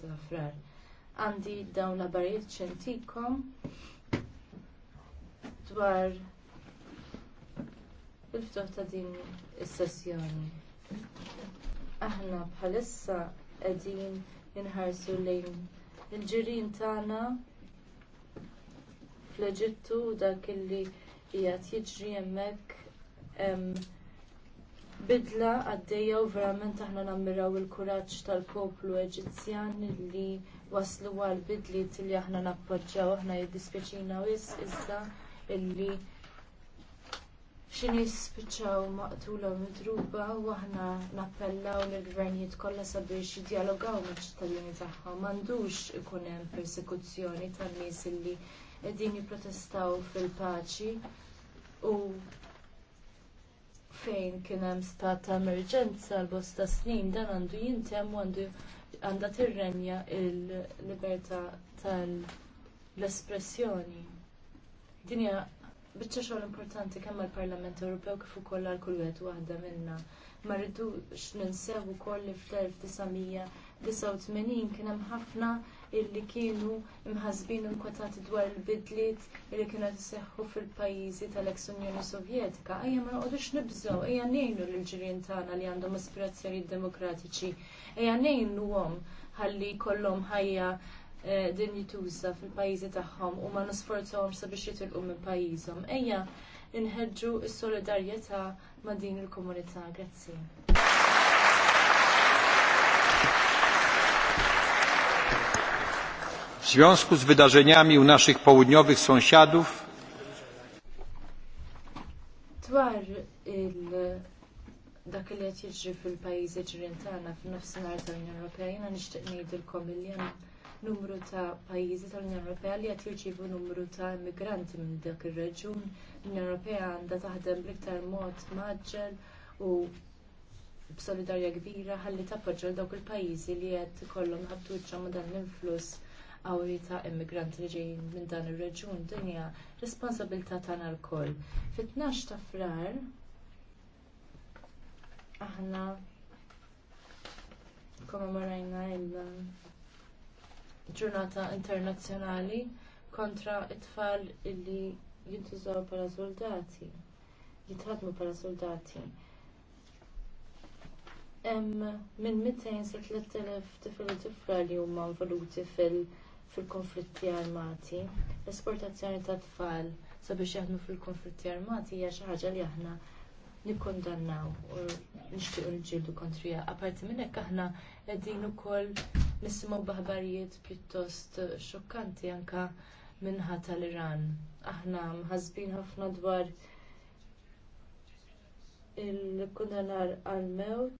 fil-3 frar. Għandi dawn l-abarijiet ċentikom dwar il-ftuħ ta' din is-sessjoni. Aħna bħalissa qegħdin inħarsu lejn il-ġirien tagħna fl-Eġittu dak illi qiegħed jiġri hemmhekk bidla għaddejja u verament aħna nammiraw il-kuraġġ tal-poplu Eġizzjan li waslu għal bidliet li aħna nappoġġaw aħna jiddispjaċina wis iżda illi xini spiċċaw maqtula midruba u aħna nappellaw lill-gvernijiet kollha sabiex jiddialogaw maċ-ċittadini tagħhom m'għandux ikun hemm persekuzzjoni tan-nies illi qegħdin jipprotestaw fil-paċi u fejn kien hemm stat ta' emerġenza għal bosta snin dan għandu jintem għandu għandha tirrenja l libertà tal-espressjoni. Dinja biċċa xogħol importanti kemm għall-Parlament Ewropew kif ukoll għal kull wieħed waħda minnha. Ma rridux ninsew ukoll li fl-1989 kien hemm ħafna illi kienu imħazbin inkwetati dwar il-bidliet illi kienu iseħħu fil-pajjiżi tal-eks Unjoni Sovjetika. Ejja ma noqogħdux nibżgħu, ejja ngħinu lill-ġirien tagħna li għandhom aspirazzjonijiet demokratiċi, ejja ngħinuhom ħalli jkollhom ħajja Eh, din jituża fil-pajjiżi tagħhom u ma nisforzawhom sabiex jitilqu minn pajjiżhom. Ejja inħeġġu s-solidarjetà ma' din il-komunità. Grazzi. W związku z wydarzeniami u naszych południowych sąsiadów il dak li qed jiġri fil-pajjiżi ġrien tagħna f'nofsinhar nofsinhar tal-Unjoni Ewropea jiena nixtieq ngħidilkom illi hemm numru ta' pajjiżi tal-Unjoni Ewropea li qed jirċievu numru ta' immigranti minn dak ir-reġjun. L-Unjoni Ewropea għandha taħdem bl-iktar mod maġġel u b'solidarja kbira ħalli tappoġġol dawk il-pajjiżi li qed ikollhom ħabtuġġa ma' dan l-influss qawwi ta' immigranti li ġejjin minn dan ir-reġjun din hija responsabilità tagħna lkoll. Fit-12 ta' frar aħna komemorajna il- ġurnata internazzjonali kontra t tfal illi jintużaw bħala soldati, jitħadmu bħala soldati. Hemm minn 200 sa 3000 tifel u tifla li huma involuti fil-konflitti armati. L-esportazzjoni ta' tfal sabiex jaħdmu fil-konflitti armati hija xi ħaġa li aħna nikkondannaw u nixtiequ niġġieldu kontrija. Aparti minn hekk aħna qegħdin ukoll nisimgħu baħbarijiet pjuttost xokkanti anke minħa tal-Iran. Aħna mħazbin ħafna dwar il-kundanar għal-mewt.